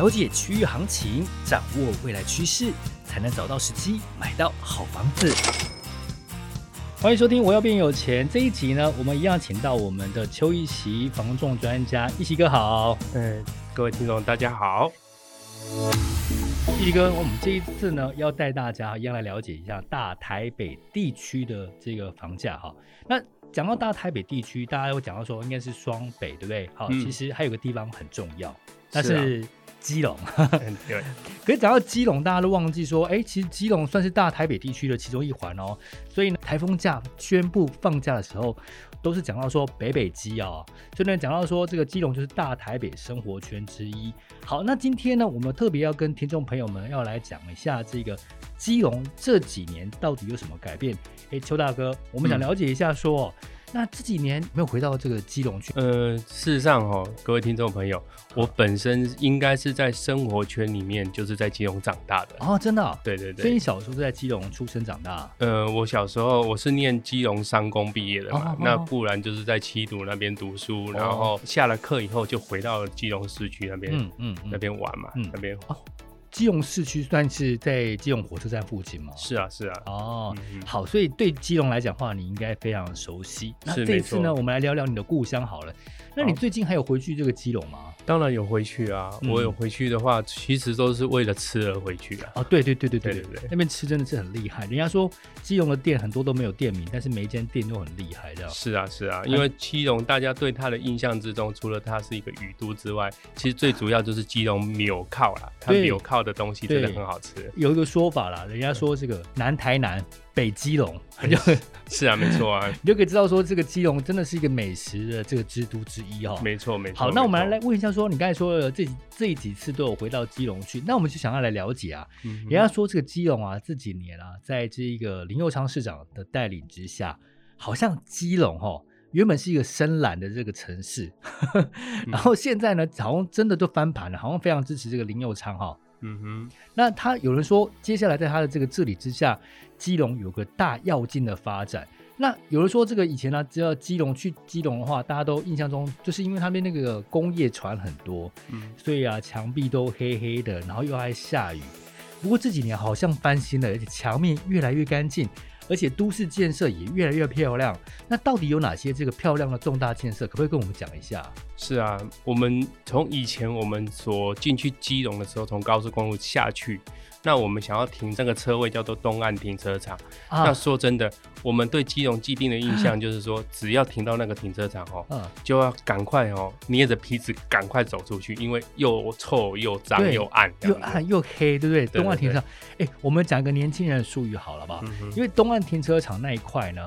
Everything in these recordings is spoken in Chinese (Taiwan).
了解區域行情，掌握未來趨勢，才能找到時機買到好房子。歡迎收聽《我要變有錢》這一集呢，我們一樣請到我們的邱奕錫房仲專家。奕錫哥好，嗯，各位聽眾大家好。奕錫哥，我們這一次呢要帶大家一樣來了解一下大台北地區的這個房價哈。那講到大台北地區，大家會講到說應該是雙北對不對？好、嗯，其實還有個地方很重要，是啊、但是。基隆 對，對，可是講到基隆，大家都忘記說，哎，其實基隆算是大台北地區的其中一環哦。所以台風假宣布放假的時候，都是講到說北北基啊、哦，就連講到說，這個基隆就是大台北生活圈之一。好，那今天呢，我們特別要跟聽眾朋友們要來講一下這個基隆這幾年到底有什麼改變？哎，邱大哥，我們想了解一下說。嗯那這幾年沒有回到這個基隆去？呃，事實上哈，各位聽眾朋友，我本身應該是在生活圈裡面，就是在基隆長大的哦，真的、哦，對對對，所以你小時候是在基隆出生長大、啊？呃，我小時候我是念基隆商工畢業的嘛，哦哦、那不然就是在七堵那邊讀書，哦、然後下了課以後就回到基隆市區那邊，嗯嗯，嗯，那邊玩嘛，嗯、那邊。哦基隆市區算是在基隆火車站附近嗎？是啊，是啊。哦，嗯嗯好，所以對基隆來講話，你應該非常熟悉。那這一次呢，我們來聊聊你的故鄉好了。那你最近還有回去這個基隆嗎？哦、當然有回去啊、嗯！我有回去的話，其實都是為了吃而回去啊。哦，對對對對對對，對對，那邊吃真的是很厲害。人家說基隆的店很多都沒有店名，但是每一間店都很厲害的。是啊，是啊，因為基隆大家對他的印象之中，除了他是一個雨都之外，其實最主要就是基隆廟口啦，它廟口。的東西真的很好吃。有一個說法啦，人家說這個南台南、嗯、北基隆， 是啊，沒錯啊，你就可以知道說這個基隆真的是一個美食的這個之都之一哈。沒錯，沒錯。好，沒錯，那我們來問一下說，你剛才說的這幾這幾次都有回到基隆去，那我們就想要來了解啊。嗯、人家說這個基隆啊，這幾年啊，在這一個林右昌市長的帶領之下，好像基隆哈原本是一個深藍的這個城市， 然後現在呢，好像真的都翻盤了，好像非常支持這個林右昌哈。嗯哼，那他有人說，接下來在他的這個治理之下，基隆有個大躍進的發展。那有人說，這個以前呢、啊，只要基隆去基隆的話，大家都印象中就是因為他們那個工業船很多，嗯，所以啊牆壁都黑黑的，然後又愛下雨。不過這幾年好像翻新了，而且牆面越來越乾淨。而且都市建設也越來越漂亮，那到底有哪些這個漂亮的重大建設，可不可以跟我們講一下？是啊，我們從以前我們所進去基隆的時候，從高速公路下去。那我們想要停這個車位叫做東岸停車場。啊、那說真的，我們對基隆既定的印象就是說、啊，只要停到那個停車場哦、啊，就要趕快哦，捏着鼻子趕快走出去，因為又臭又髒又暗，又暗又黑，對不對,對,對,對,對？東岸停車場，哎、欸，我們講個年輕人的術語好了吧、嗯？因為東岸停車場那一塊呢，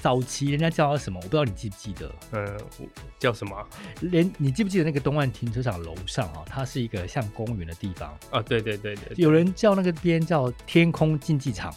早期人家叫他什麼，我不知道你記不記得？呃、嗯，叫什麼？連你記不記得那個東岸停車場樓上啊、哦？它是一個像公園的地方啊？對對對對，有人叫那個邊叫天空競技場。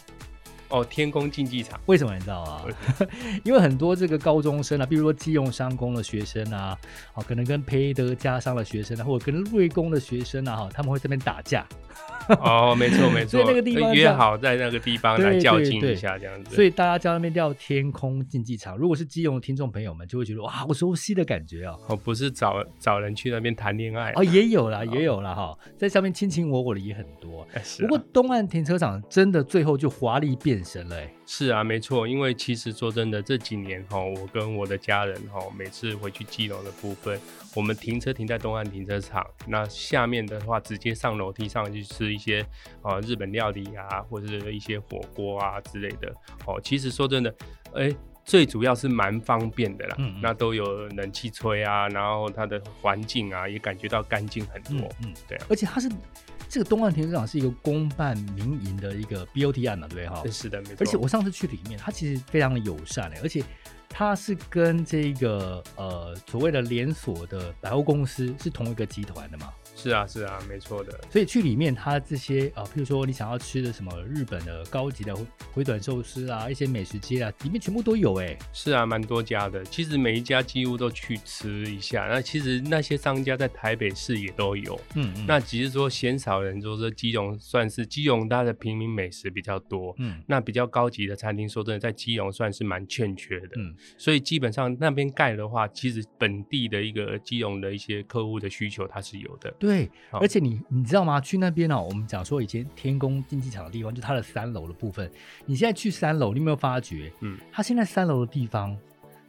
哦，天空競技場，為什麼你知道啊？ 因為很多這個高中生啊，比如說基隆商工的學生啊，哦，可能跟培德家商的學生啊，或者跟瑞工的學生啊，哈，他們會在那邊打架。 哦，沒錯沒錯，在那個地方約好在那個地方來較勁一下，這樣子對對對。所以大家在那邊叫天空競技場。如果是基隆的聽眾朋友們，就會覺得哇，好熟悉的感覺哦、啊。哦，不是找找人去那邊談戀愛、啊、哦，也有了，也有了哈、哦哦，在下面卿卿我我的也很多、哎啊。不過東岸停車場真的最後就華麗變。是啊，沒錯，因為其實說真的，這幾年哈，我跟我的家人哈，每次回去基隆的部分，我們停車停在東岸停車場，那下面的話直接上樓梯上去吃一些啊、呃，日本料理啊，或是一些火鍋啊之類的哦、呃。其實說真的，哎、欸，最主要是蠻方便的啦，嗯、那都有冷氣吹啊，然後它的環境啊也感覺到乾淨很多，嗯，嗯對、啊，而且它是。這個東岸停車場是一個公辦民營的一個 BOT 案嘛，對不對哈？是的，沒錯。而且我上次去裡面，他其實非常的友善誒，而且他是跟這個呃所謂的連鎖的百貨公司是同一個集團的嘛。是啊，是啊，沒錯的。所以去裡面，它這些啊、呃，譬如說你想要吃的什麼日本的高級的迴轉壽司啊，一些美食街啊，裡面全部都有哎、欸。是啊，蠻多家的。其實每一家幾乎都去吃一下。那其實那些商家在台北市也都有。嗯，嗯。那只是說鮮少人，就是說基隆算是基隆它的平民美食比較多。嗯。那比較高級的餐廳，說真的，在基隆算是蠻欠缺的。嗯。所以基本上那邊蓋的話，其實本地的一個基隆的一些客戶的需求，它是有的。對，而且你你知道嗎？去那邊呢、喔，我們講說以前天宮競技場的地方，就它的三樓的部分。你現在去三樓，你有沒有發覺？嗯，它現在三樓的地方，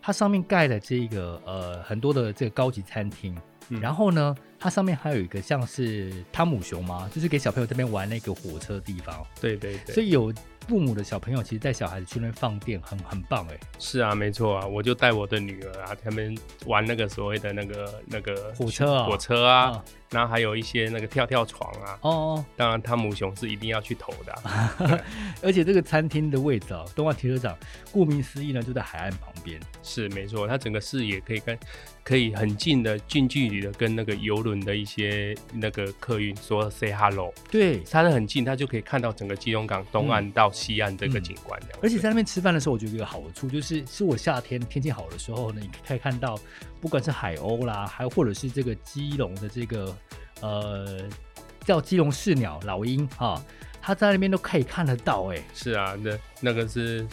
它上面蓋的這個呃很多的這個高級餐廳。然後呢、嗯，它上面還有一個像是湯姆熊嗎？就是給小朋友那邊玩那個火車的地方。對對對，所以有。父母的小朋友其實帶小孩子去那邊放電很很棒哎，欸，是啊，沒錯啊，我就帶我的女兒啊，他們玩那個所謂的那個那個火車啊火車啊，嗯，然後還有一些那個跳跳床啊。哦，哦，當然湯姆熊是一定要去投的，啊， 而且這個餐廳的位置哦，東岸停車場，顧名思義呢，就在海岸旁邊，是沒錯，它整個視野可以跟可以很近的近距離的跟那個遊輪的一些那個客運說 say hello，對，差的很近，他就可以看到整個基隆港東岸到嗯西岸這個景觀、嗯，而且在那邊吃飯的時候，我覺得有好處，就是是我夏天天氣好的時候呢，你可以看到，不管是海鷗啦，還有或者是這個基隆的這個呃叫基隆市鳥老鷹啊，他在那邊都可以看得到、欸。哎，是啊，那那個是。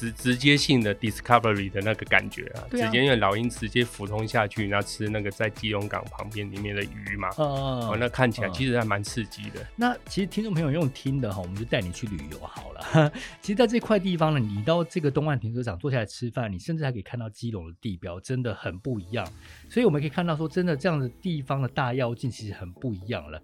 直直接性的 discovery 的那個感覺啊，啊直接用老鷹直接俯衝下去，然後吃那個在基隆港旁邊裡面的魚嘛，uh, 哦，那看起來其實還蠻刺激的。Uh. 那其實聽眾朋友用聽的哈，我們就帶你去旅遊好了。 其實，在這塊地方呢，你到這個東岸停車場坐下來吃飯，你甚至還可以看到基隆的地標，真的很不一樣。所以我們可以看到說，真的這樣的地方的大躍進其實很不一樣了。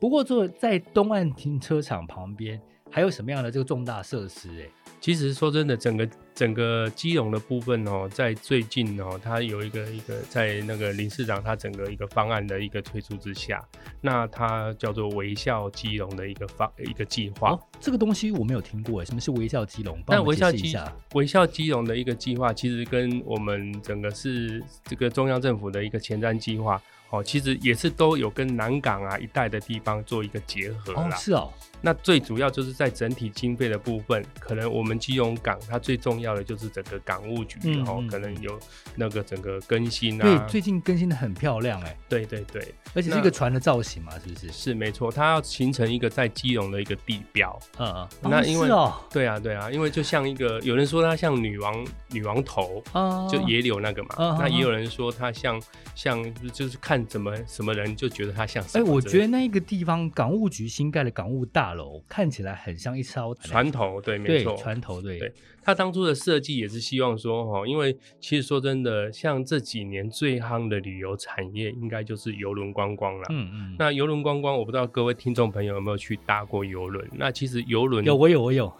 不過，坐在東岸停車場旁邊，還有什麼樣的這個重大設施、欸？其實說真的，整個整個基隆的部分哦、喔，在最近哦、喔，它有一個一個在那個林市長他整個一個方案的一個推出之下，那它叫做微笑基隆的一個方一個計劃、哦。這個東西我沒有聽過、欸，什麼是微笑基隆？但微笑基隆，微笑基隆的一個計劃，其實跟我們整個是這個中央政府的一個前瞻計劃。哦，其實也是都有跟南港啊一帶的地方做一個結合哦，是哦。那最主要就是在整體經費的部分，可能我們基隆港它最重要的就是整個港務局，然、嗯、後、哦嗯、可能有那個整個更新啊。對，最近更新的很漂亮哎、欸。對對對。而且是一個船的造型嘛，是不是？是沒錯，它要形成一個在基隆的一個地標。嗯嗯。那因為、嗯哦、對啊對啊，對啊，因為就像一個有人說它像女王女王頭、嗯，就野柳那個嘛。嗯、那也有人說它像像就是看。怎麼什麼人就覺得他像什麼？哎、欸，我覺得那個地方港務局新蓋的港務大樓看起來很像一艘船頭，對，沒錯，船頭，對。對他當初的設計也是希望說哈，因為其實說真的，像這幾年最夯的旅遊產業，應該就是遊輪觀光了。嗯嗯。那遊輪觀光，我不知道各位聽眾朋友有沒有去搭過遊輪？那其實遊輪有，我有，我有。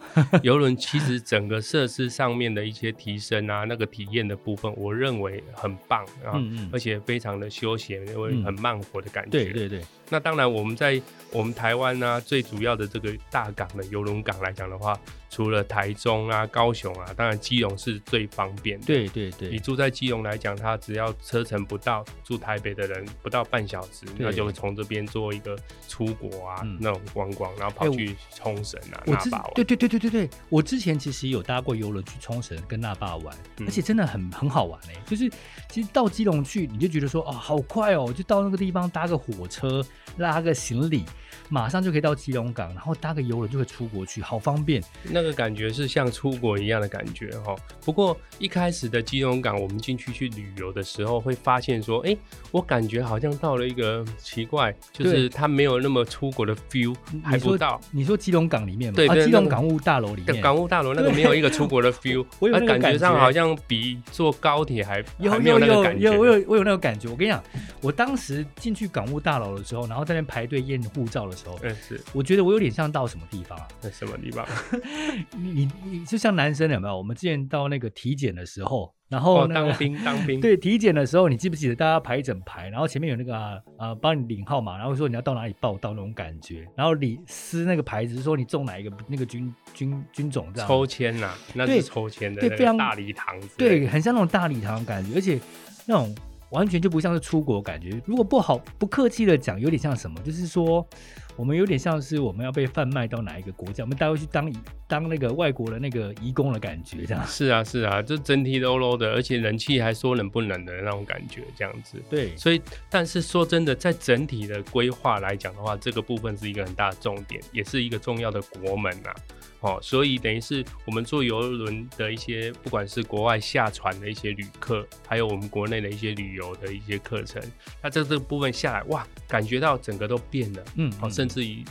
遊 輪其實整個設施上面的一些提升啊，那個體驗的部分，我認為很棒啊，嗯嗯，而且非常的休閒，因為很慢活的感覺，嗯嗯。對對對。那當然，我們在我們台灣呢、啊，最主要的這個大港的遊輪港來講的話，除了台中啊、高雄啊，當然基隆是最方便的。對對對，你住在基隆來講，它只要車程不到，住台北的人不到半小時，那就會從這邊做一個出國啊那種觀光，然後跑去沖繩啊、知道對對對對對對，我之前其實有搭過遊輪去沖繩跟那霸玩，嗯，而且真的很很好玩哎，就是其實到基隆去，你就覺得說啊、哦，好快哦，就到那個地方搭個火車。拉個行李，馬上就可以到基隆港，然後搭個郵輪就可以出國去，好方便。那個感覺是像出國一樣的感覺哦。不過一開始的基隆港，我們進去去旅遊的時候，會發現說，哎，我感覺好像到了一個奇怪，就是它沒有那麼出國的 feel，還不到你。你說基隆港裡面嗎？對對、啊，基隆港務大樓裡面，港務大樓那個沒有一個出國的 feel， 我有那個感覺，感覺上好像比坐高鐵還有還沒有那個感覺。有，有，有，有我有我有那種感覺，我跟你講，我當時進去港務大樓的時候。然後在那排隊驗護照的時候，哎、嗯，是，我覺得我有點像到什麼地方啊？嗯、什麼地方？ 你你就像男生有沒有？我們之前到那個體檢的時候，然後、那個哦、當兵當兵，對，體檢的時候，你記不記得大家排一整排，然後前面有那個呃、啊，幫、啊、你領號碼，然後說你要到哪裡報到那種感覺，然後你撕那個牌子說你中哪一個那個軍軍、軍種這樣，抽籤吶、啊？那是抽籤的，那的對，對，非常大禮堂，對，很像那種大禮堂的感覺，嗯、而且那種。完全就不像是出國感覺，如果不好不客氣的講，有點像什麼，就是說。我們有點像是我們要被販賣到哪一個國家，我們帶回去當當那個外國的那個移工的感覺，這樣。是啊是啊，這、啊、整體 low low 的，而且人氣還說冷不冷的那種感覺，這樣子。對，所以但是說真的，在整體的規劃來講的話，這個部分是一個很大的重點，也是一個重要的國門吶、啊。哦，所以等於是我們坐郵輪的一些，不管是國外下船的一些旅客，還有我們國內的一些旅遊的一些課程，那這個這個部分下來，哇，感覺到整個都變了，嗯，嗯，好。甚至於，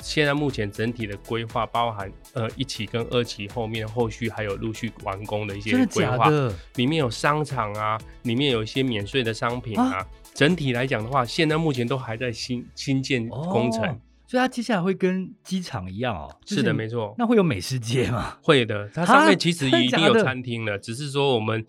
現在目前整體的規劃包含，呃，一期跟二期後面後續還有陸續完工的一些規劃，裡面有商場啊，裡面有一些免稅的商品啊。啊整體來講的話，現在目前都還在新新建工程、哦，所以它接下來會跟機場一樣哦。就是、是的，沒錯。那會有美食街嗎？會的，它上面其實已經、啊、真的假的、一定有餐廳了，只是說我們。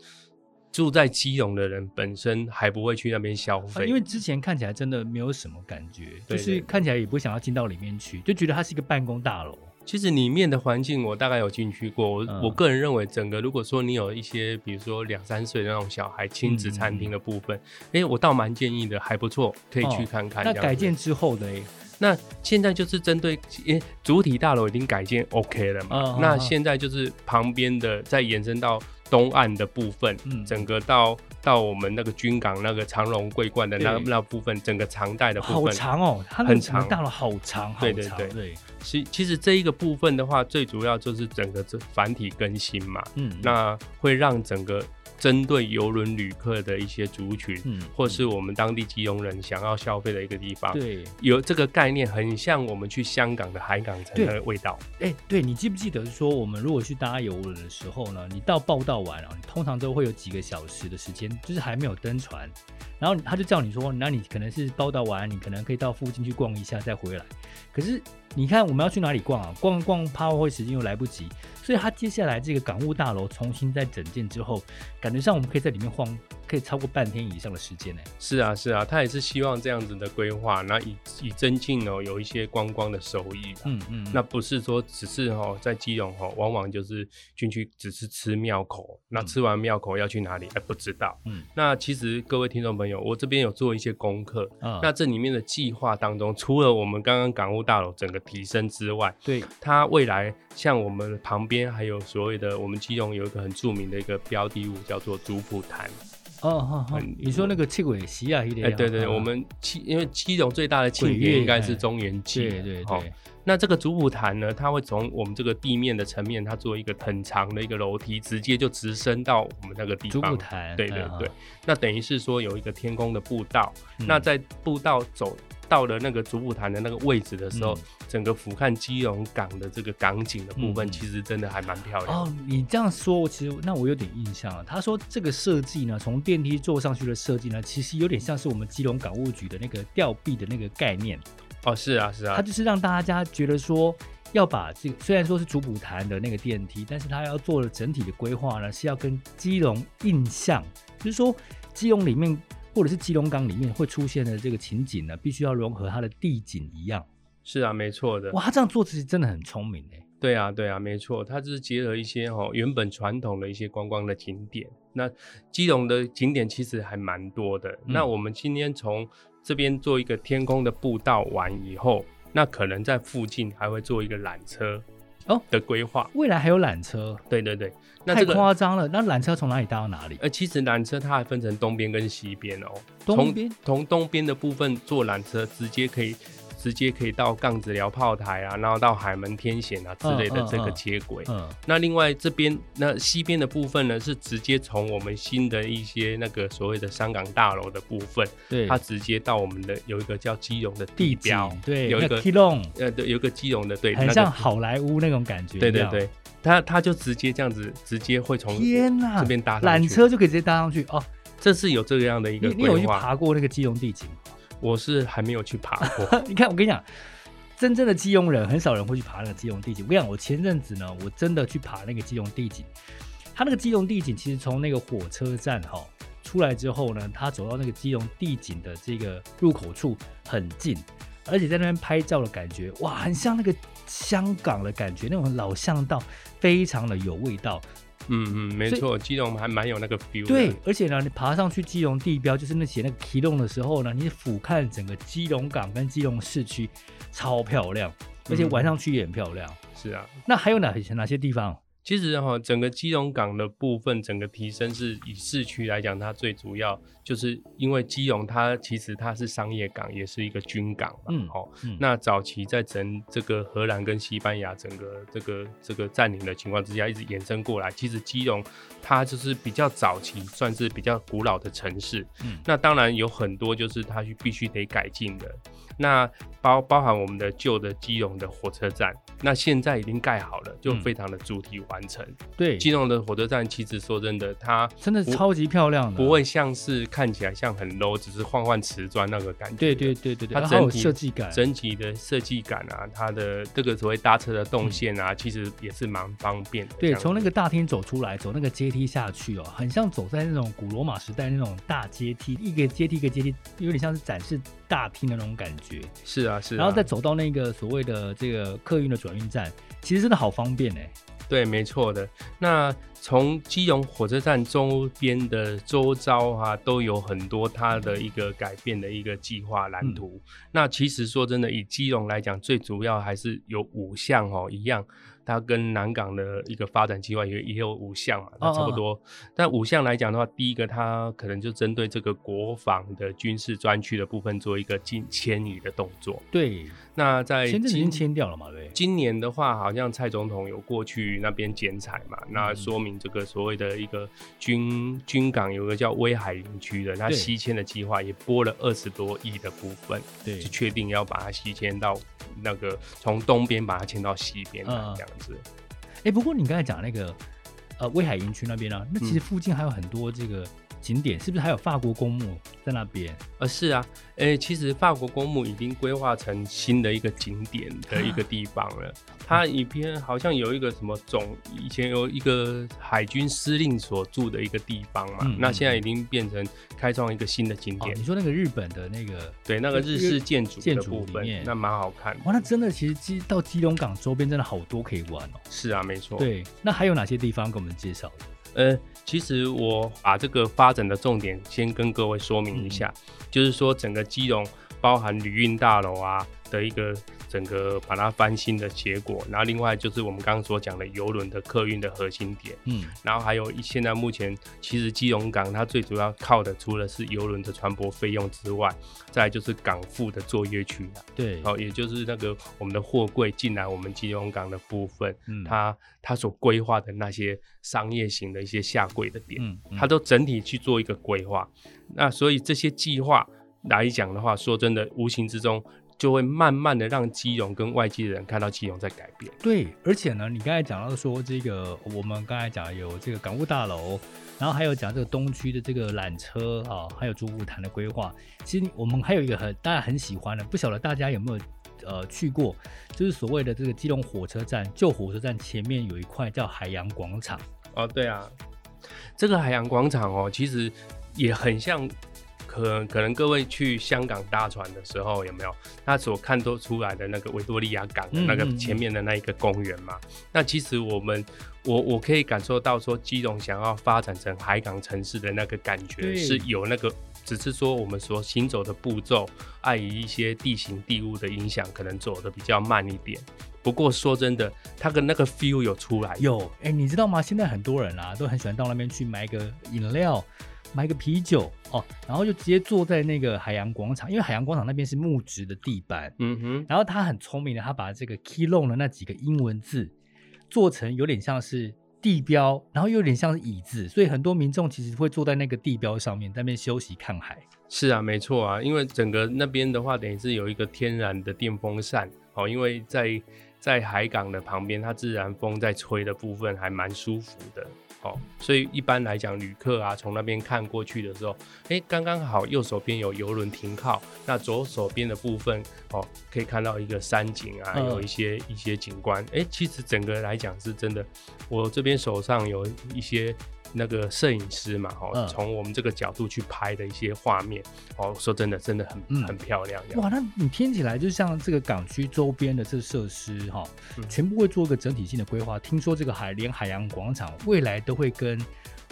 住在基隆的人本身還不會去那邊消費、啊，因為之前看起來真的沒有什麼感覺，對對對，就是看起來也不想要進到裡面去，就覺得它是一個辦公大樓。其實裡面的環境我大概有進去過，我、嗯、我個人認為整個如果說你有一些，比如說兩三歲的那種小孩親子餐廳的部分，哎、嗯欸，我倒蠻建議的，還不錯，可以去看看。哦、那改建之後的、欸，那現在就是針對，誒、欸，主體大樓已經改建 OK 了嘛？嗯、那現在就是旁邊的再延伸到。東岸的部分，嗯、整個到到我們那個軍港那個長榮桂冠的那那部分，整個長帶的部分，很長哦，很長，長，到了好長，對對對，對其其實這一個部分的話，最主要就是整個這繁體更新嘛，嗯，那會讓整個。針對郵輪旅客的一些族群，嗯，或是我們當地基隆人想要消費的一個地方，對，有這個概念，很像我們去香港的海港城的味道。哎、欸，對你記不記得是說，我們如果去搭郵輪的時候呢，你到報到完啊，通常都會有幾個小時的時間，就是還沒有登船，然後他就叫你說，那你可能是報到完，你可能可以到附近去逛一下再回來，可是。你看我們要去哪裡逛啊？逛逛怕會時間又來不及，所以他接下來這個港務大樓重新再整建之後，感覺上我們可以在裡面晃。可以超過半天以上的時間嘞、欸！是啊，是啊，他也是希望這樣子的規劃，那以以增進哦有一些觀光、光的收益。嗯嗯，那不是說只是哈、哦、在基隆哈、哦，往往就是進去只是吃廟口，那吃完廟口要去哪裡哎、嗯欸、不知道。嗯，那其實各位聽眾朋友，我這邊有做一些功課、嗯，那這裡面的計劃當中，除了我們剛剛港務大樓整個提升之外，對，它未來像我們旁邊還有所謂的我們基隆有一個很著名的一個標的物叫做主普壇。哦哦哦，你說那個七鬼溪啊，一點、那個欸。對對,對、哦，我們七，因為七種最大的慶典應該是中元祭、欸。對對,對。哦、對,對,對。那這個主普壇呢，它會從我們這個地面的層面，它做一個很長的一個樓梯，直接就直升到我們那個地方。主普壇對對對。哎啊、那等於是說有一個天空的步道，嗯、那在步道走。到了那個主普壇的那個位置的時候、嗯，整個俯瞰基隆港的這個港景的部分，其實真的還蠻漂亮的，嗯嗯哦。你這樣說我，其實那我有點印象了。他說這個設計呢，從電梯坐上去的設計呢，其實有點像是我們基隆港務局的那個吊臂的那個概念哦。是啊，是啊，他就是讓大家覺得說要把這個，雖然說是主普壇的那個電梯，但是他要做的整體的規劃呢，是要跟基隆印象，就是說基隆裡面。或者是基隆港裡面會出現的這個情景呢、啊，必須要融合它的地景一樣。是啊，沒錯的。哇，他這樣做其實真的很聰明。對啊，對啊，沒錯，他就是結合一些哈、哦、原本傳統的一些觀光的景點。那基隆的景點其實還蠻多的、嗯。那我們今天從這邊做一個天空的步道完以後，那可能在附近還會做一個纜車。哦的規劃，未來還有纜車，對對對，那這個、太誇張了。那纜車從哪裡搭到哪裡？呃，其實纜車它還分成東邊跟西邊哦，東邊，從，從東邊的部分坐纜車直接可以。直接可以到槓子寮炮台啊，然後到海門天險啊之類的這個接軌，嗯嗯。嗯，那另外這邊那西邊的部分呢，是直接從我們新的一些那個所謂的港務大樓的部分，對，它直接到我們的有一個叫基隆的地標，對，有一個基隆，Kilong, 呃，對，有一個基隆的，對，很像好萊塢那種感覺。對對對，它它就直接這樣子，直接會從天哪、啊、這邊搭纜車就可以直接搭上去哦，這是有這個樣的一個。你你有去爬過那個基隆地景？我是還沒有去爬過。 你看，我跟你講，真正的基隆人很少人會去爬那個基隆地景。我跟你講，我前陣子呢，我真的去爬那個基隆地景。他那個基隆地景，其實從那個火車站哈出來之後呢，他走到那個基隆地景的這個入口處很近，而且在那邊拍照的感覺哇，很像那個香港的感覺，那種老巷道非常的有味道。嗯嗯，沒錯，基隆還蠻有那個 feel 的。對，而且呢，你爬上去基隆地標，就是那寫那個 KEELUNG 的時候呢，你俯瞰整個基隆港跟基隆市區，超漂亮，而且晚上去也很漂亮，嗯。是啊，那還有哪哪些地方？其實哈，整個基隆港的部分，整個提升是以市區來講，它最主要就是因為基隆它其實它是商業港，也是一個軍港嘛。嗯，嗯，那早期在整這個荷蘭跟西班牙整個這個這個占領的情況之下，一直延伸過來，其實基隆它就是比較早期算是比較古老的城市。嗯，那當然有很多就是它必須得改進的，那包包含我們的舊的基隆的火車站。那現在已經蓋好了，就非常的主體完成。嗯、對，基隆的火車站其實說真的，它真的超級漂亮的、啊，不會像是看起來像很 low，只是換換瓷磚那個感覺。對對對對對，它很有設計感，整體的設計感啊，它的這個所謂搭車的動線啊，嗯、其實也是蠻方便的。對，從那個大廳走出來，走那個階梯下去哦，很像走在那種古羅馬時代那種大階梯，一個階梯一個階梯，梯，梯，有點像是展示大廳的那種感覺。是啊是啊，然後再走到那個所謂的這個客運的轉。站其實真的好方便哎、欸，對，沒錯的。那從基隆火車站周邊的周遭哈、啊，都有很多它的一個改變的一個計劃藍圖、嗯。那其實說真的，以基隆來講，最主要還是有五項哦，一樣，它跟南港的一個發展計劃也也有五項嘛，差不多。哦哦但五項來講的話，第一個它可能就針對這個國防的軍事專區的部分做一個近遷移的動作。對。那在，現在已經遷掉了嘛？對，今年的話，好像蔡總統有過去那邊剪彩嘛、嗯。那說明這個所謂的一個軍軍港，有個叫威海營區的，那西遷的計劃也撥了二十多億的部分，對，就確定要把它西遷到那個從東邊把它遷到西邊，這樣子。哎、啊啊欸，不過你剛才講那個。呃，威海營區那邊啊，那其實附近還有很多這個景點，嗯、是不是還有法國公墓在那邊？呃，是啊，哎、欸，其實法國公墓已經規劃成新的一個景點的一個地方了。它、啊、一邊好像有一個什麼總，以前有一個海軍司令所住的一個地方嘛，嗯、那現在已經變成開創一個新的景點、嗯嗯、哦。你說那個日本的那個對那個日式建築建築部分，裡面那蠻好看的。哇、哦，那真的其實基到基隆港周邊真的好多可以玩哦。是啊，沒錯。對，那還有哪些地方？我們介紹，呃，其實我把這個發展的重點先跟各位說明一下，嗯，就是說整個基隆，包含旅運大樓啊的一個。整個把它翻新的結果，然後另外就是我們剛剛所講的郵輪的客運的核心點，嗯，然後還有一現在目前其實基隆港它最主要靠的，除了是郵輪的船舶費用之外，再來就是港埠的作業區，對，好、哦，也就是那個我們的貨櫃進來我們基隆港的部分，嗯，它它所規劃的那些商業型的一些下櫃的點、嗯嗯，它都整體去做一個規劃，那所以這些計劃來講的話，說真的，無形之中。就會慢慢的讓基隆跟外界的人看到基隆在改變。對，而且呢，你剛才講到說這個，我們剛才講有這個港務大樓，然後還有講這個東區的這個纜車啊、哦，還有竹湖台的規劃。其實我們還有一個很大家很喜歡的，不曉得大家有沒有呃去過，就是所謂的這個基隆火車站，舊火車站前面有一塊叫海洋廣場。哦，對啊，這個海洋廣場哦，其實也很像。可能可能各位去香港搭船的時候有沒有？他所看多出來的那個維多利亞港，那個前面的那一個公園嘛、嗯嗯？那其實我們，我我可以感受到說，基隆想要發展成海港城市的那個感覺是有那個，只是說我們所行走的步驟，礙、啊、於一些地形地物的影響，可能走得比較慢一點。不過說真的，他的那個 feel 有出來的有。哎、欸，你知道嗎？現在很多人啊，都很喜歡到那邊去買一個飲料。買個啤酒哦，然後就直接坐在那個海洋廣場，因為海洋廣場那邊是木質的地板。嗯哼，然後他很聰明的，他把這個 Keelung 的那幾個英文字做成有點像是地標，然後又有點像是椅子，所以很多民眾其實會坐在那個地標上面，在那邊休息看海。是啊，沒錯啊，因為整個那邊的話，等於是有一個天然的電風扇哦，因為在在海港的旁邊，它自然風在吹的部分還蠻舒服的。哦，所以一般來講，旅客啊，從那邊看過去的時候，哎、欸，剛剛好右手邊有郵輪停靠，那左手邊的部分，哦，可以看到一個山景啊，有一些一些景觀，哎、嗯欸，其實整個來講是真的，我這邊手上有一些。那個攝影師嘛、哦，從、嗯、我們這個角度去拍的一些畫面哦，哦、嗯，說真的，真的很很漂亮。哇，那你聽起來就像這個港區周邊的這個設施、哦，全部會做一個整體性的規劃。聽說這個海聯海洋廣場未來都會跟。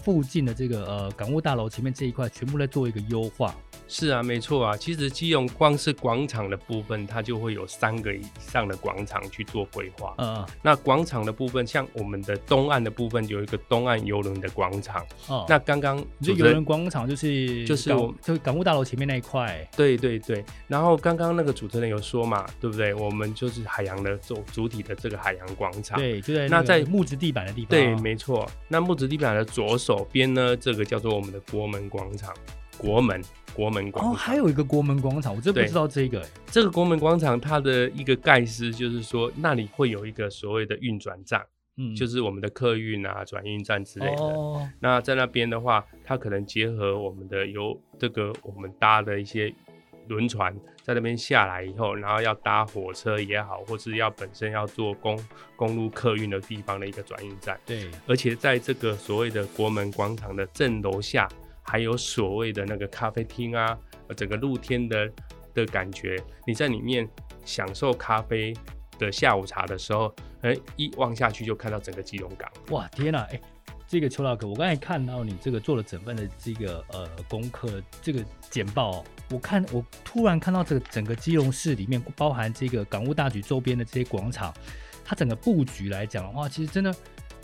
附近的這個呃，港務大樓前面這一塊全部在做一個優化。是啊，沒錯啊。其實基用光是廣場的部分，它就會有三個以上的廣場去做規劃。嗯，嗯，那廣場的部分，像我們的東岸的部分，有一個東岸遊輪的廣場。哦、嗯。那剛剛，嗯、就遊輪廣場就是就是港就港務大樓前面那一塊。對對對。然後剛剛那個主持人有說嘛，對不對？我們就是海洋的主主體的這個海洋廣場。對，對。那在木質地板的地方。對，沒錯。那木質地板的左手。左邊呢，這個叫做我們的國門廣場，國門，國門廣場。哦，還有一個國門廣場，我真不知道這個、欸。這個國門廣場，它的一個概思就是說，那裡會有一個所謂的運轉站，就是我們的客運啊、轉運站之類的。哦哦哦，那在那邊的話，它可能結合我們的有這個我們搭的一些。輪船在那邊下來以後，然後要搭火車也好，或是要本身要坐公公路客運的地方的一個轉運站。對，而且在這個所謂的國門廣場的正樓下，還有所謂的那個咖啡廳啊，整個露天的的感覺，你在裡面享受咖啡的下午茶的時候，哎，一望下去就看到整個基隆港。哇，天吶，啊，欸。這個邱老哥，我剛才看到你這個做了整份的這個呃功課，這個簡報、哦，我看我突然看到這個整個基隆市裡面包含這個港務大樓周邊的這些廣場，它整個布局來講的話，其實真的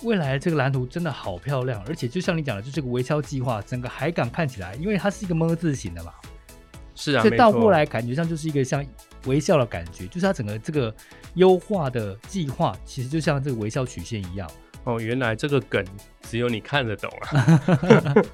未來這個藍圖真的好漂亮，而且就像你講的，就是、這個微笑計劃，整個海港看起來，因為它是一個麼字形的嘛，是啊，所以倒過來感覺上就是一個像微笑的感覺，就是它整個這個優化的計劃，其實就像這個微笑曲線一樣。哦，原來這個梗只有你看得懂啊？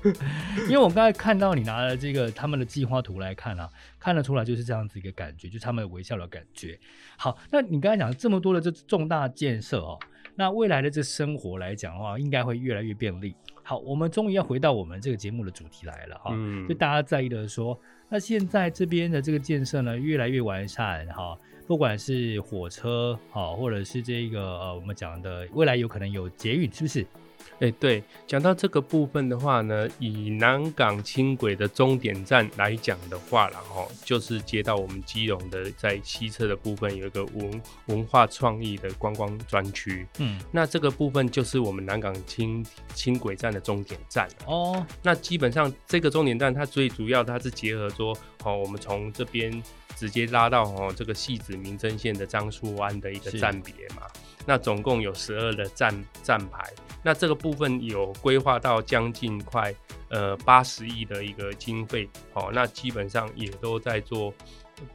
因為我剛才看到你拿了這個他們的計劃圖來看啊，看得出來就是這樣子一個感覺，就是、他們微笑的感覺。好，那你剛才講這麼多的這重大建設哦、喔，那未來的這生活來講的話，應該會越來越便利。好，我們終於要回到我們這個節目的主題來了哈、喔嗯，就大家在意的說，那現在這邊的這個建設呢，越來越完善哈、喔。不管是火車啊，或者是這個呃，我們講的未來有可能有捷運，是不是？哎、欸，對，講到這個部分的話呢，以南港輕軌的終點站來講的話，然、哦、後就是接到我們基隆的在西側的部分有一個文文化創意的觀光專區。嗯，那這個部分就是我們南港輕輕軌站的終點站哦。那基本上這個終點站，它最主要它是結合說，哦，我們從這邊直接拉到哦這個汐止明貞線的樟樹灣的一個站別嘛。那總共有十二的站站牌，那這個部分有規劃到將近快呃八十億的一個經費，哦，那基本上也都在做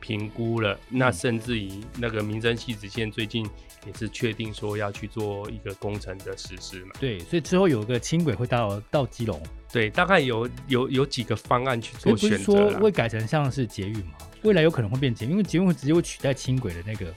評估了。那甚至於那個民生汐止線最近也是確定說要去做一個工程的實施嘛。對，所以之後有個輕軌會到到基隆，對，大概有有有幾個方案去做選擇，是是說會改成像是捷運嘛？未來有可能會變捷運，因為捷運會直接會取代輕軌的那個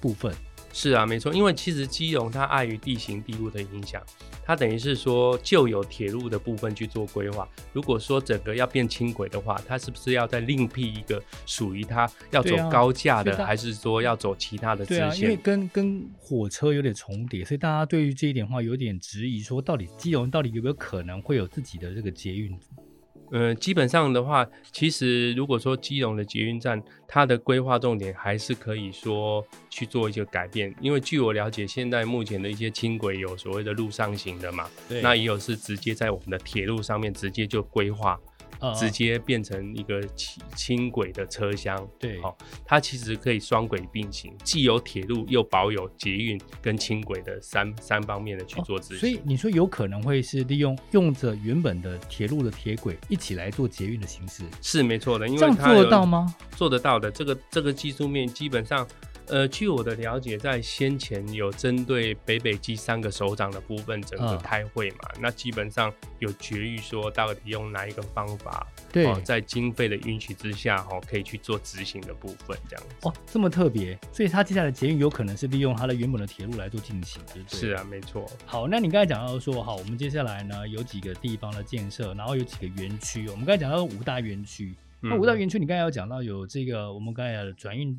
部分。是啊，沒錯，因為其實基隆它礙於地形地物的影響，它等於是說舊有鐵路的部分去做規劃。如果說整個要變輕軌的話，它是不是要再另闢一個屬於它要走高架的、啊，還是說要走其他的支線、啊？因為跟跟火車有點重疊，所以大家對於這一點的話有點質疑，說到底基隆到底有沒有可能會有自己的這個捷運？呃，基本上的話，其實如果說基隆的捷運站，它的規劃重點還是可以說去做一些改變，因為據我了解，現在目前的一些輕軌有所謂的路上型的嘛，對，那也有是直接在我們的鐵路上面直接就規劃。直接變成一個輕輕軌的車廂、哦，對，它其實可以雙軌並行，既有鐵路又保有捷運跟輕軌的三三方面的去做支持、哦。所以你說有可能會是利用用着原本的鐵路的鐵軌一起來做捷運的形式，是沒錯的，因為它做得到嗎？做得到的、這個，這個這個技術面基本上。呃，據我的了解，在先前有針對北北基三個首長的部分，整個開會嘛、嗯，那基本上有決議，說到底用哪一個方法？對，呃、在經費的允許之下，哈、喔，可以去做執行的部分，這樣子。哦，這麼特別，所以他接下來的捷運有可能是利用他的原本的鐵路來做進行，對不對？是啊，沒錯。好，那你剛才講到說，好，我們接下來呢，有幾個地方的建設，然後有幾個園區。我們剛才講到五大園區、嗯，那五大園區你剛才有講到有這個，我們剛才的轉運。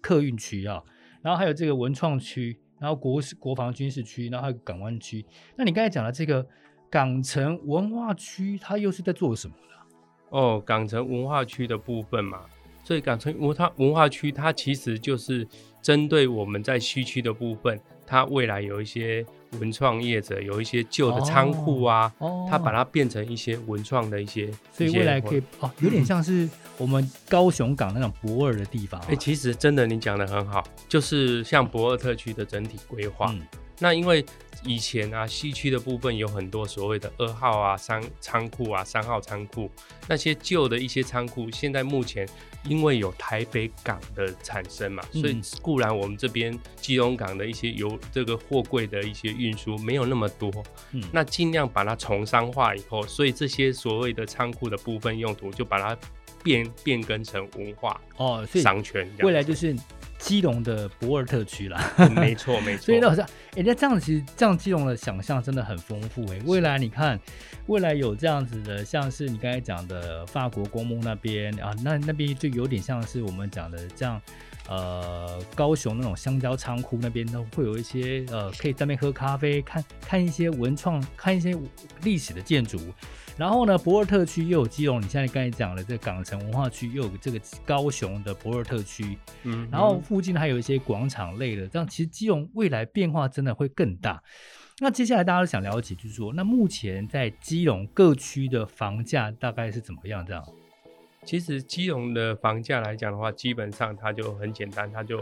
客運區啊，然後還有這個文創區，然後國國防軍事區，然後還有港灣區。那你剛才講的這個港城文化區，它又是在做什麼呢？哦，港城文化區的部分嘛，所以港城文化文化區它其實就是針對我們在西區的部分，它未來有一些。文創業者有一些舊的倉庫啊、哦哦，他把它變成一些文創的一些，所以未來可以、哦、有點像是我們高雄港那種駁二的地方、嗯欸。其實真的你講得很好，就是像駁二特區的整體規劃。嗯那因為以前啊，西區的部分有很多所謂的二號啊、三倉庫啊、三號倉庫，那些舊的一些倉庫，現在目前因為有台北港的產生嘛，嗯，所以固然我們這邊基隆港的一些有這個貨櫃的一些運輸沒有那麼多，嗯，那盡量把它重商化以後，所以這些所謂的倉庫的部分用途就把它變變更成文化哦，商圈未來就是。基隆的博爾特區啦、嗯，沒錯沒錯， 所以那好像人家這樣子，其實這樣基隆的想象真的很豐富誒、欸，未來你看，未來有這樣子的，像是你剛才講的法國公墓那邊啊，那那邊就有點像是我們講的這樣，樣呃高雄那種香蕉倉庫那邊，都會有一些呃可以在那邊喝咖啡，看看一些文創，看一些歷史的建築。然後呢，駁二特區又有基隆，你現在剛才講的，這個港城文化區又有這個高雄的駁二特區，嗯，嗯，然後附近還有一些廣場類的，這樣其實基隆未來變化真的會更大。那接下來大家都想了解，就是說，那目前在基隆各區的房價大概是怎麼樣？這樣，其實基隆的房價來講的話，基本上它就很簡單，它就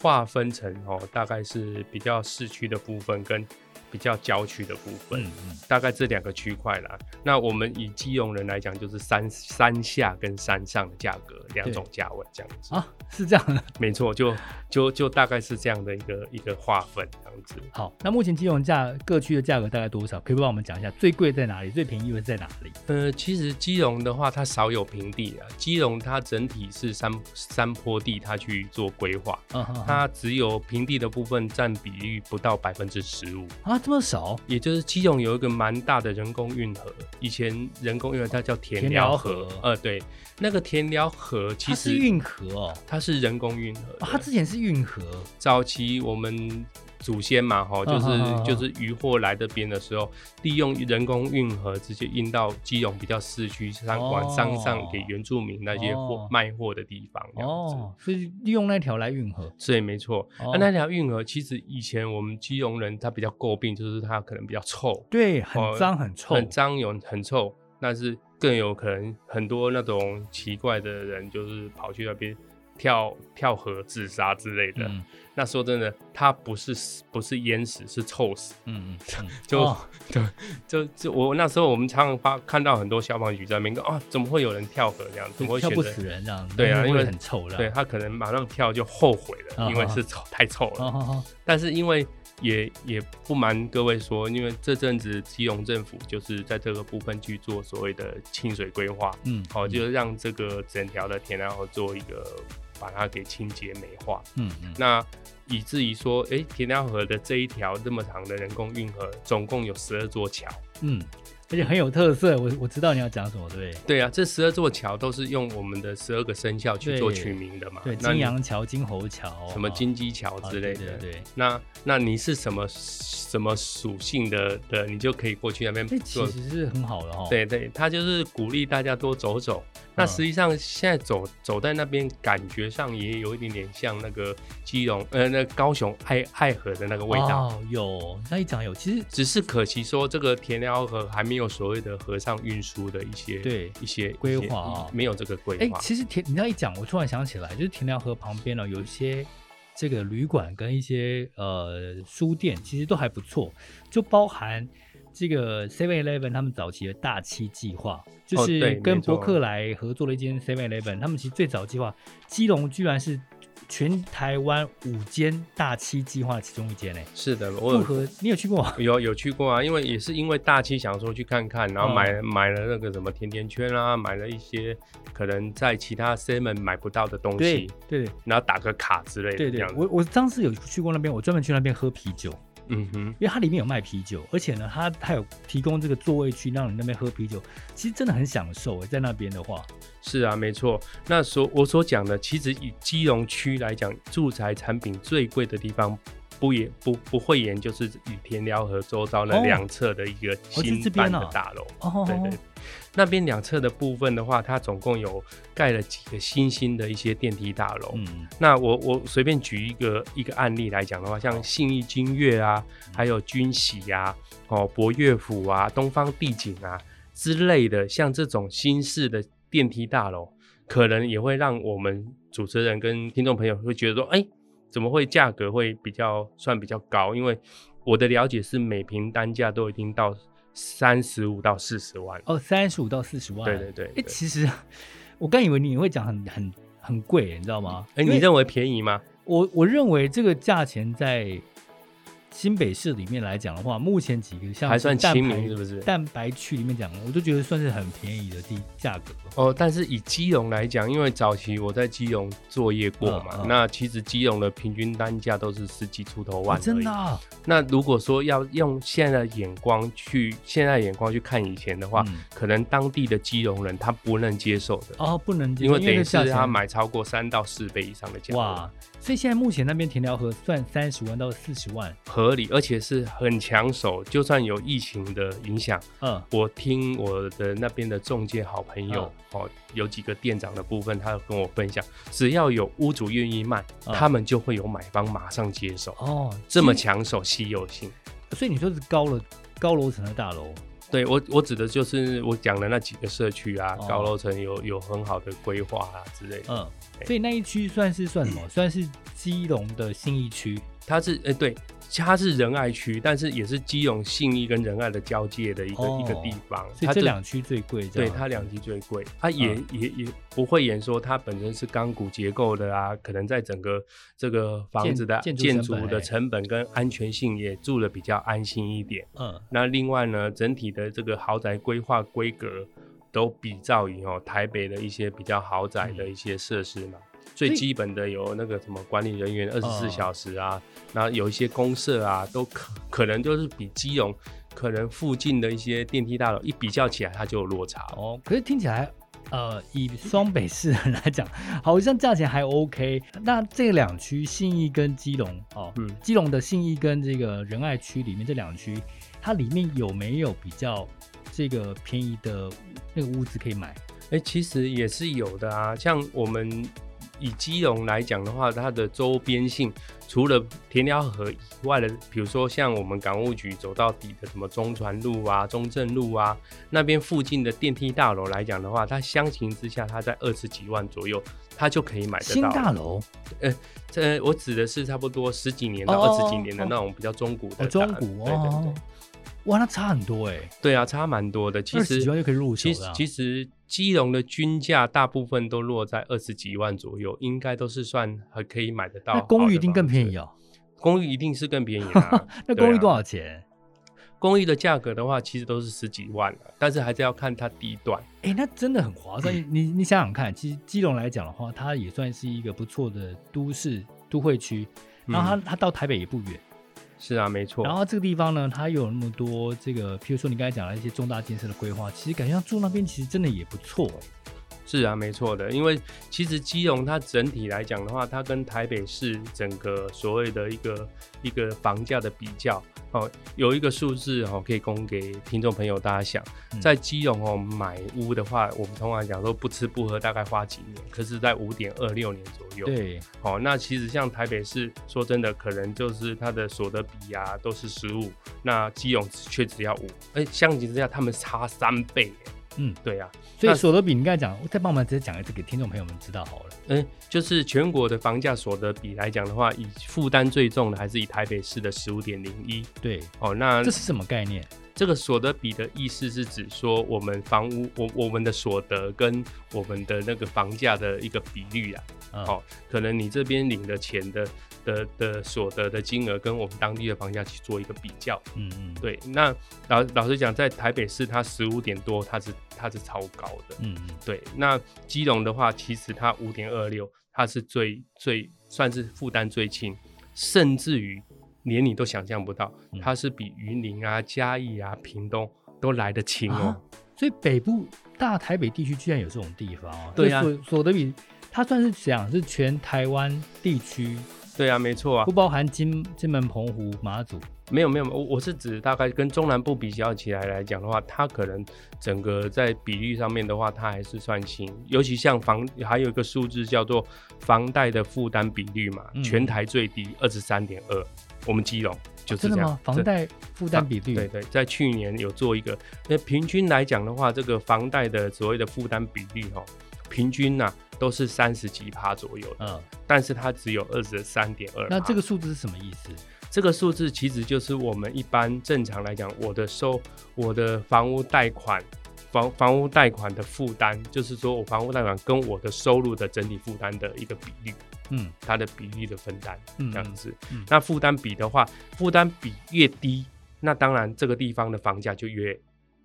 劃分成哦，大概是比較市區的部分跟。比較郊區的部分，嗯嗯、大概這兩個區塊啦。那我們以基隆人來講，就是山山下跟山上的價格兩種價位這樣子啊，是這樣的，沒錯，就就就大概是這樣的一個一個劃分這樣子。好，那目前基隆價各區的價格大概多少？可以幫我們講一下最貴在哪裡，最便宜的在哪裡？呃，其實基隆的話，它少有平地啊。基隆它整體是山山坡地，它去做規劃、嗯，它只有平地的部分佔比率不到百、嗯嗯嗯、分之十五啊。這麼少，也就是其中有一個蠻大的人工運河，以前人工運河它叫田寮河、田寮河，呃，對，那個田寮河其實它是運河哦，它是人工運河，哦，它之前是運河，早期我們。祖先嘛，吼、哦嗯，就是就是漁貨來這邊的時候、嗯，利用人工運河直接運到基隆比較市區商往山上，上給原住民那些貨、哦、賣貨的地方，這樣子，利、哦、用那條來運河，所以沒錯、哦。那條運河其實以前我們基隆人他比較詬病，就是它可能比較臭，對，很髒很臭，哦、很髒有很臭，但是更有可能很多那種奇怪的人就是跑去那邊。跳跳河自殺之類的、嗯，那說真的，他不是死不是淹死，是臭死。嗯嗯， 就、哦、就就就我那時候我們常常發看到很多消防局在那邊，啊，怎麼會有人跳河這樣子？怎麼會跳不死人這、啊、樣，對啊，因為很，因為很臭了、啊。對，他可能馬上跳就後悔了，哦、因為是臭、哦、太臭了、哦。但是因為也也不瞞各位說，因為這陣子基隆政府就是在這個部分去做所謂的清水規劃，嗯，好、哦，就是讓這個整條的田寮河做一個。把它給清潔美化，嗯嗯，那以至於說，哎、欸，田寮河的這一條這麼長的人工運河，總共有十二座橋，嗯，而且很有特色。我我知道你要講什麼？對對啊，這十二座橋都是用我們的十二個生肖去做取名的嘛，對，對金羊橋、金猴橋、什麼金雞橋之類的，對、對、對、對。那那你是什麼什麼屬性的的，你就可以過去那邊做、欸，其實是很好的哦。對對、對，他就是鼓勵大家多走走。嗯、那實際上現在走走在那邊，感覺上也有一點點像那個基隆，呃，那高雄愛愛河的那個味道。哦，有，那一講有，其實只是可惜說這個田寮河還沒有所謂的河上運輸的一些對一些規劃，哦、沒有這個規劃。哎、欸，其實田你那一講，我突然想起來，就是田寮河旁邊呢，有一些這個旅館跟一些呃書店，其實都還不錯，就包含。這個 Seven Eleven 他們早期的大七計劃，就是跟博客來合作的一間 Seven Eleven。他們其實最早計劃，基隆居然是全台灣五間大七計劃其中一間呢、欸。是的，我有如何，你有去過嗎？啊？有有去過啊，因為也是因為大七想說去看看，然後買、嗯、買了那個什麼甜甜圈啊，買了一些可能在其他 Seven 買不到的東西，對，對，對，然後打個卡之類的。對，對對，我我當時有去過那邊，我專門去那邊喝啤酒。嗯哼，因為它裡面有賣啤酒，而且呢，它它有提供這個座位區，讓你那邊喝啤酒，其實真的很享受誒，在那邊的話。是啊，沒錯。那所我所講的，其實以基隆區來講，住宅產品最貴的地方不，不也不不會言，就是與田寮河周遭的兩側的一個新邊的大樓。哦，哦啊、對，對對。哦哦那邊兩側的部分的話，它總共有蓋了幾個新興的一些電梯大樓。嗯，那我我隨便舉一個一個案例來講的話，像信義君悅啊、嗯，還有君喜啊，哦博悅府啊，東方帝景啊之類的，像這種新式的電梯大樓，可能也會讓我們主持人跟聽眾朋友會覺得說，哎、欸，怎麼會價格會比較算比較高？因為我的了解是，每坪單價都已經到。三十五到四十萬哦，三十五到四十萬。對對對，對，哎、欸，其實我剛以為你會講很很很貴，你知道嗎？哎、欸，你認為便宜嗎？我我認為這個價錢在。新北市裡面來講的話，目前幾個項目還算親民，是不是蛋白區裡面講，我都覺得算是很便宜的低價格哦。但是以基隆來講，因為早期我在基隆作業過嘛，啊啊、那其實基隆的平均單價都是十幾出頭萬、啊。真的，啊。那如果說要用現在的眼光去現在眼光去看以前的話，嗯，可能當地的基隆人他不能接受的哦，不能接受，因為等於是他買超過三到四倍以上的價格。哇，所以現在目前那邊田寮河算三十萬到四十萬和合理，而且是很搶手。就算有疫情的影響，嗯，我聽我的那邊的中介好朋友、嗯、哦，有幾個店長的部分，他有跟我分享，只要有屋主願意賣、嗯，他們就會有買方馬上接手。哦，這麼搶手、稀有性，嗯、所以你說是高樓、高樓層的大樓。對，我我指的就是我講的那幾個社區啊，哦、高樓層有有很好的規劃啊之類的。嗯，所以那一區算是算什麼、嗯？算是基隆的新一區。它是哎、欸、對。它是仁愛區，但是也是基隆信義跟仁愛的交界的一個、哦、一個地方，所以這兩區最貴。對，它兩區最貴，它也、嗯、也也不會演說，它本身是鋼骨結構的啊，可能在整個這個房子的建築的成本跟安全性也住得比較安心一點。嗯，那另外呢，整體的這個豪宅規劃規格都比照於哦台北的一些比較豪宅的一些設施嘛。嗯最基本的有那個什麼管理人員二十四小時啊、呃，然後有一些公社啊，都可可能就是比基隆，可能附近的一些電梯大樓一比較起來，它就有落差哦。可是聽起來，呃，以雙北市來講，好像價錢還 OK。那這兩區信義跟基隆哦、嗯，基隆的信義跟這個仁愛區裡面這兩區，它裡面有沒有比較這個便宜的那個屋子可以買？哎、欸，其實也是有的啊，像我們。以基隆來講的話，它的周邊性，除了田寮河以外的，比如說像我們港務局走到底的，什麼中船路啊、中正路啊，那邊附近的電梯大樓來講的話，它相形之下，它在二十幾萬左右，它就可以買得到。新大樓？呃，呃，我指的是差不多十幾年到二十幾年的那種比較中古的。Oh, oh, oh. Oh, 中古啊？對對對。哇，那差很多哎、欸。對啊，差蠻多的。其實，二十幾萬就可以入手了，其實，其實。其實基隆的均價大部分都落在二十幾萬左右，應該都是算還可以買得到的。那公寓一定更便宜哦，公寓一定是更便宜、啊、 那公寓多少錢？公寓的價格的話，其實都是十幾萬了、啊，但是還是要看它地段。哎、欸，那真的很划算。你你想想看、嗯，其實基隆來講的話，它也算是一個不錯的都市都會區，然後它、嗯、它到台北也不遠。是啊，沒錯。然後這個地方呢，它又有那麼多這個，譬如說你剛才講了一些重大建設的規劃，其實感覺像住那邊其實真的也不錯。是啊，沒錯的。因為其實基隆它整體來講的話，它跟台北市整個所謂的一個一個房價的比較，哦，有一個數字哦，可以供給聽眾朋友大家想，在基隆哦買屋的話，我們通常講說不吃不喝大概花幾年，可是，在五點二六年左右。對，哦，那其實像台北市，說真的，可能就是它的所得比啊都是十五，那基隆卻只要五，哎、欸，相比之下，他們差三倍。嗯，對啊。所以所得比，你剛才講，我再幫我們直接講一次給聽眾朋友們知道好了。嗯、呃，就是全國的房價所得比來講的話，以負擔最重的還是以台北市的十五點零一。對，哦，那這是什麼概念？這個所得比的意思是指說，我們房屋，我我們的所得跟我們的那個房價的一個比率啊。嗯、哦，可能你這邊領的錢的。的的所得的金額跟我們當地的房價去做一個比較，嗯嗯，對。那老老實講，在台北市，它十五點多，它是它是超高的，嗯嗯，對。那基隆的話，其實它五點二六，它是最最算是負擔最輕，甚至於連你都想象不到，嗯，它是比雲林啊、嘉義啊、屏東都來得輕哦，啊。所以北部大台北地區居然有這種地方啊，對啊，所所得比，它算是講是全台灣地區。對啊，沒錯啊，不包含金金門、澎湖、馬祖。沒有沒有，我我是指大概跟中南部比較起來來講的話，它可能整個在比率上面的話，它還是算輕。尤其像房，還有一個數字叫做房貸的負擔比率嘛，嗯、全台最低二十三點二，我們基隆就是這樣。啊、真的嗎？房貸負擔比率比？對對，在去年有做一個，那平均來講的話，這個房貸的所謂的負擔比率哈、哦，平均呢、啊。都是三十幾趴左右的嗯，但是它只有二十三點二。那這個數字是什麼意思？這個數字其實就是我們一般正常來講，我的收我的房屋貸款，房房屋貸款的負擔，就是說我房屋貸款跟我的收入的整體負擔的一個比率，嗯，它的比率的分擔，嗯，這樣子，嗯嗯嗯那負擔比的話，負擔比越低，那當然這個地方的房價就越。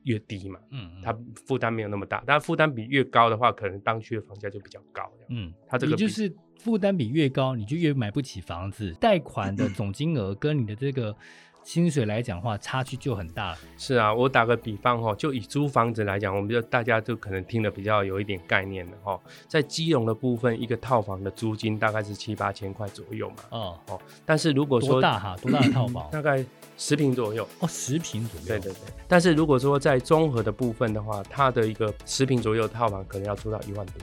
越低嘛，嗯，它負擔沒有那麼大，但負擔比越高的話，可能當區的房價就比較高，嗯，它這個也就是負擔比越高，你就越買不起房子，貸款的總金額跟你的這個薪水來講的話，差距就很大了。是啊，我打個比方哈、哦，就以租房子來講，我們就大家就可能聽得比較有一點概念的哈、哦，在基隆的部分，一個套房的租金大概是七八千塊左右嘛，哦，哦，但是如果說多大哈，多大的套房， 大概。十平左右哦，十平左右。對對對，但是如果說在綜合的部分的話，它的一個十平左右套房可能要租到一萬多。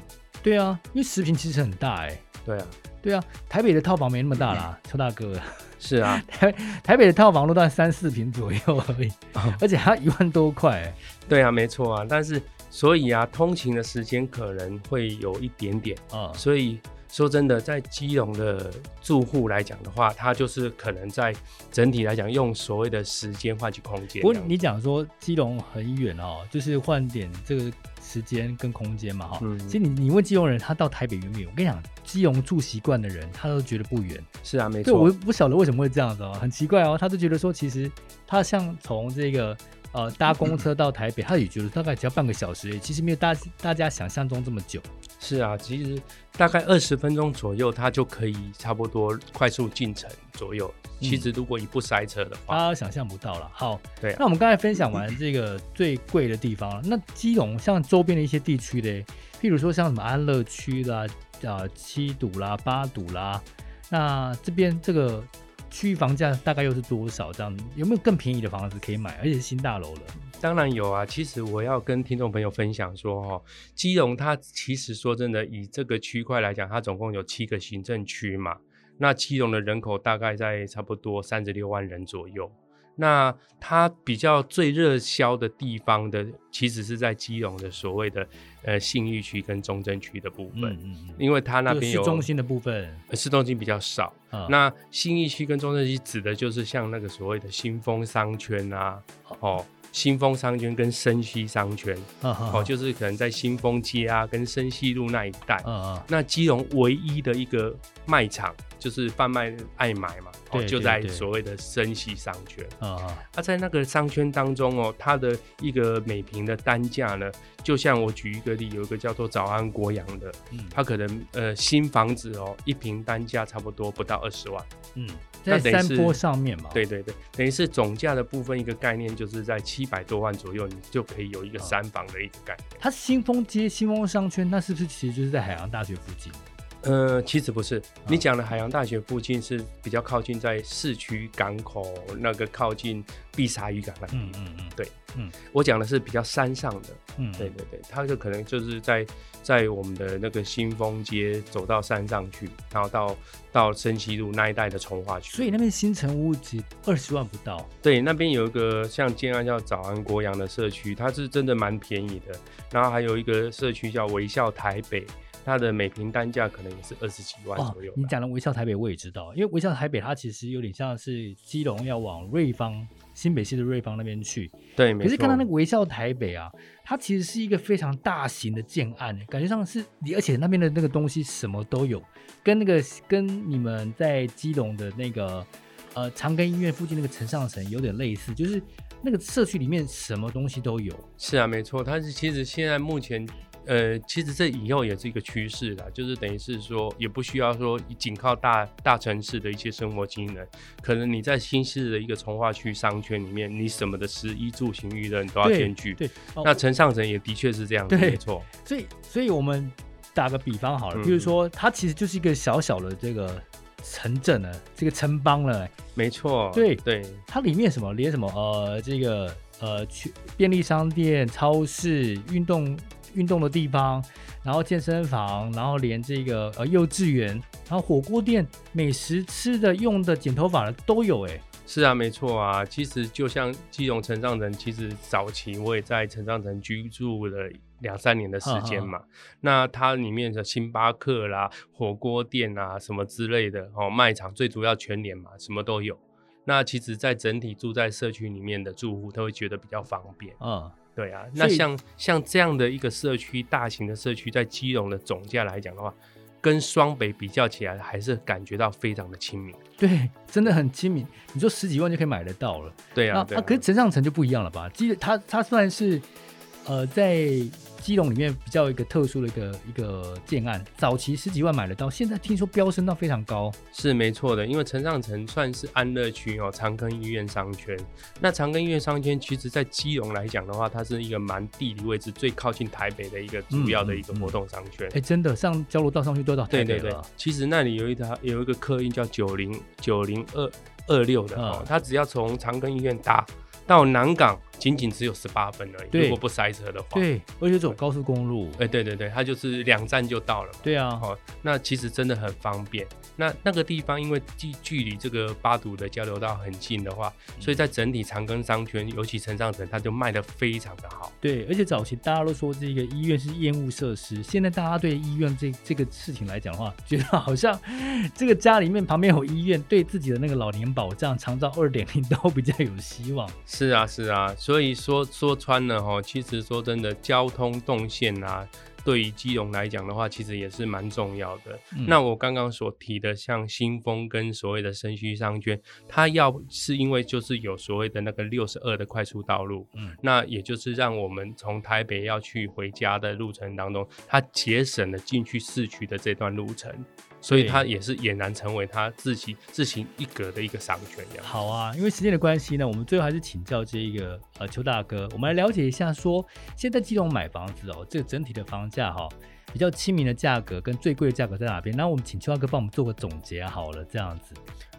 對啊，因為十平其實很大哎、欸。對啊，對啊，台北的套房沒那麼大啦、啊嗯，邱大哥。是啊， 台台北的套房都在三四平左右而已，嗯、而且它一萬多塊、欸。對啊，沒錯啊，但是所以啊，通勤的時間可能會有一點點啊、嗯，所以。說真的，在基隆的住戶來講的話，他就是可能在整體來講用所謂的時間換取空間。不過你講說基隆很遠哦，就是換點這個時間跟空間嘛哈、哦嗯。其實你你問基隆人他到台北遠不遠？我跟你講，基隆住習慣的人，他都覺得不遠。是啊，沒錯。對，我不曉得為什麼會這樣子哦，很奇怪哦，他就覺得說，其實他像從這個呃搭公車到台北，嗯、他也覺得大概只要半個小時，其實沒有大家大家想象中這麼久。是啊，其實大概二十分鐘左右，它就可以差不多快速進城左右，嗯。其實如果你不塞車的話，啊、想象不到了。好，對、啊，那我們剛才分享完這個最貴的地方了，嗯。那基隆像周邊的一些地區的，譬如說像什麼安樂區啦、啊、呃、七堵啦、八堵啦，那這邊這個。區域房價大概又是多少？這樣有沒有更便宜的房子可以買？而且是新大樓的。當然有啊。其實我要跟聽眾朋友分享說，哦，基隆它其實說真的，以這個區塊來講，它總共有七個行政區嘛。那基隆的人口大概在差不多三十六萬人左右。那它比較最熱銷的地方的，其實是在基隆的所謂的呃信義區跟中正區的部分。嗯嗯，因為它那邊有市中心的部分。呃，市中心比較少。嗯、那信義區跟中正區指的就是像那個所謂的新豐商圈啊，嗯、哦。嗯新豐商圈跟深溪商圈啊啊，哦，就是可能在新豐街啊，跟深溪路那一帶，啊。那基隆唯一的一個賣場，就是販賣愛買嘛，哦，對對對就在所謂的深溪商圈啊。啊在那個商圈當中哦，它的一個每坪的單價呢，就像我舉一個例，有一個叫做早安國陽的，嗯，它可能呃新房子哦，一坪單價差不多不到二十萬。嗯。在山坡上面嘛，對對對，等於是總價的部分一個概念，就是在七百多萬左右，你就可以有一個三房的一個概念。啊、它新豐街、新豐商圈，那是不是其實就是在海洋大學附近？呃，其實不是，你講的海洋大學附近是比較靠近在市區港口那個靠近碧沙漁港那邊。嗯嗯，嗯對，嗯，我講的是比較山上的。嗯，對對對，他就可能就是在在我們的那個新豐街走到山上去，然後到到深溪路那一帶的從化區。所以那邊新城屋子二十萬不到。對，那邊有一個像建案叫早安國陽的社區，它是真的蠻便宜的。然後還有一個社區叫微笑台北。它的每平單價可能也是二十幾萬左右，哦。你講的微笑台北我也知道，因為微笑台北它其實有點像是基隆要往瑞芳、新北市的瑞芳那邊去。對，沒錯。可是看到那個微笑台北啊，它其實是一個非常大型的建案，感覺上是，而且那邊的那個東西什麼都有，跟那個跟你們在基隆的那個呃長庚醫院附近那個城上城有點類似，就是那個社區裡面什麼東西都有。是啊，沒錯，它是其實現在目前。呃，其實這以後也是一個趨勢啦，就是等於是說，也不需要說僅靠大大城市的一些生活機能，可能你在新市的一個重劃區商圈裡面，你什麼的食衣住行娛樂你都要兼具。對，對哦，那城上城也的確是這樣，對沒錯。所以，所以我們打個比方好了，嗯，比如說它其實就是一個小小的這個城鎮了，這個城邦了，沒錯。對對，對，它裡面什麼連什麼呃，這個呃，去便利商店、超市、運動。運動的地方，然後健身房，然後連這個呃幼稚園，然、啊、後火鍋店、美食吃的、用的、剪頭髮的都有哎、欸。是啊，沒錯啊。其實就像基隆城上城，其實早期我也在城上城居住了兩三年的時間嘛啊啊啊。那它裡面的星巴克啦、火鍋店啊、什麼之類的哦，賣場最主要全聯嘛，什麼都有。那其實，在整體住在社區裡面的住戶，都會覺得比較方便。嗯、啊。對啊，那像像這樣的一個社區，大型的社區，在基隆的總價來講的話，跟雙北比較起來，還是感覺到非常的親民。對，真的很親民，你說十幾萬就可以買得到了。對啊，那啊啊可是城上城就不一樣了吧？基，它它算是。呃，在基隆裡面比較一個特殊的一個一個建案，早期十幾萬買得到，現在聽說飆升到非常高。是沒錯的，因為城上城算是安樂區哦，長庚醫院商圈。那長庚醫院商圈，其實，在基隆來講的話，它是一個蠻地理位置最靠近台北的一個主要的一個活動商圈。哎、嗯嗯嗯欸，真的，上交流道上去都要到台北了。對對對，其實那裡有一條有一個客運叫九零九零二二六的、哦嗯，它只要從長庚醫院搭到，到南港。僅僅只有十八分而已。如果不塞車的話，對，對而且走高速公路，哎、欸，對對對，它就是兩站就到了嘛。對啊，好、哦，那其實真的很方便。那那個地方因為距距離這個八堵的交流道很近的話，嗯、所以在整體長庚商圈，尤其城上城，它就賣得非常的好。對，而且早期大家都說這個醫院是厭惡設施，現在大家對醫院這這個事情來講的話，覺得好像這個家裡面旁邊有醫院，對自己的那個老年保障、長照二點零都比較有希望。是啊，是啊。所以說說穿了哈，其實說真的，交通動線啊，對於基隆來講的話，其實也是蠻重要的。嗯、那我剛剛所提的，像新豐跟所謂的深需商圈，它要是因為就是有所謂的那個六十二的快速道路，嗯，那也就是讓我們從台北要去回家的路程當中，它節省了進去市區的這段路程。所以他也是儼然成為他自己自行一格的一個商圈。好啊，因為時間的關係呢，我們最後還是請教這一個呃邱大哥，我們來了解一下說現在基隆買房子哦，這個整體的房價哈、哦、比較親民的價格跟最貴的價格在哪邊？那我們請邱大哥幫我們做個總結、啊、好了，這樣子。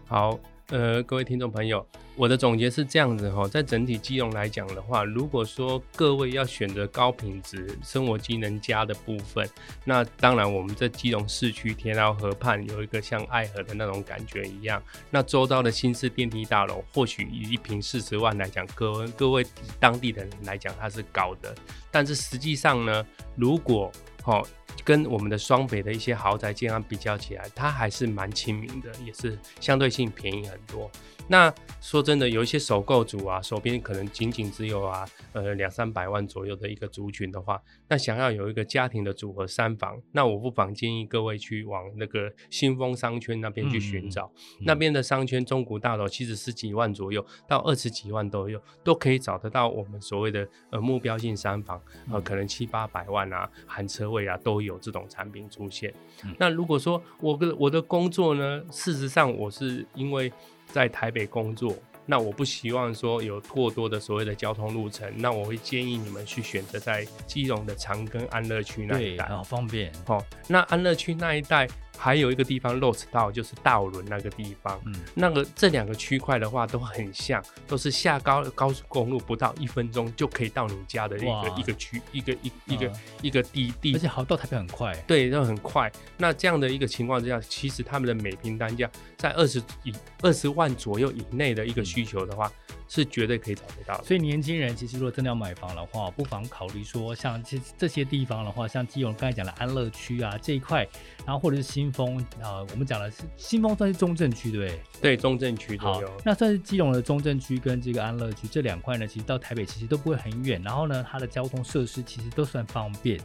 好。呃，各位聽眾朋友，我的總結是這樣子哈、哦，在整體基隆來講的話，如果說各位要選擇高品質生活機能佳的部分，那當然我們在基隆市區田寮河畔有一個像愛河的那種感覺一樣，那周遭的新式電梯大樓，或許以一坪四十萬來講，各各位當地的人來講，它是高的，但是實際上呢，如果哈。哦跟我們的雙北的一些豪宅，啊、建案比較起來，它還是蠻親民的，也是相對性便宜很多。那說真的，有一些首購組啊，手邊可能僅僅只有啊，呃，兩三百萬左右的一個族群的話，那想要有一個家庭的組合三房，那我不妨建議各位去往那個新豐商圈那邊去尋找，嗯嗯、那邊的商圈中古大樓其實十幾萬左右到二十幾萬都有，都可以找得到我們所謂的呃目標性三房，呃，可能七八百萬啊，含車位啊都，有這種產品出現，嗯、那如果說我我的工作呢，事實上我是因為在台北工作，那我不希望說有過多，多的所謂的交通路程，那我會建議你們去選擇在基隆的長庚安樂區那一帶，哦，方便，哦。那安樂區那一帶。還有一個地方 lost 到就是大武崙那個地方，嗯，那個這兩個區塊的話都很像，都是下高高速公路不到一分鐘就可以到你家的一個一個區一個一一個、啊、一個一個地地，而且好到台北很快，對，都很快。那這樣的一個情況之下，其實他們的每平單價在二十以二十萬左右以內的一個需求的話，嗯是絕對可以找得到的，所以年輕人其實如果真的要買房的話，不妨考慮說像這這些地方的話，像基隆剛才講的安樂區啊這一塊，然後或者是新豐啊，我們講的是新豐算是中正區對對？對，中正區都有。好，那算是基隆的中正區跟這個安樂區這兩塊呢，其實到台北其實都不會很遠，然後呢，它的交通設施其實都算方便。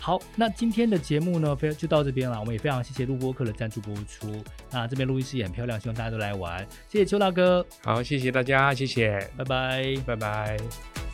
好，那今天的節目呢，非就到這邊了。我們也非常謝謝錄播客的贊助播出。那這邊錄音室也很漂亮，希望大家都來玩。謝謝邱大哥，好，謝謝大家，謝謝，拜拜，拜拜。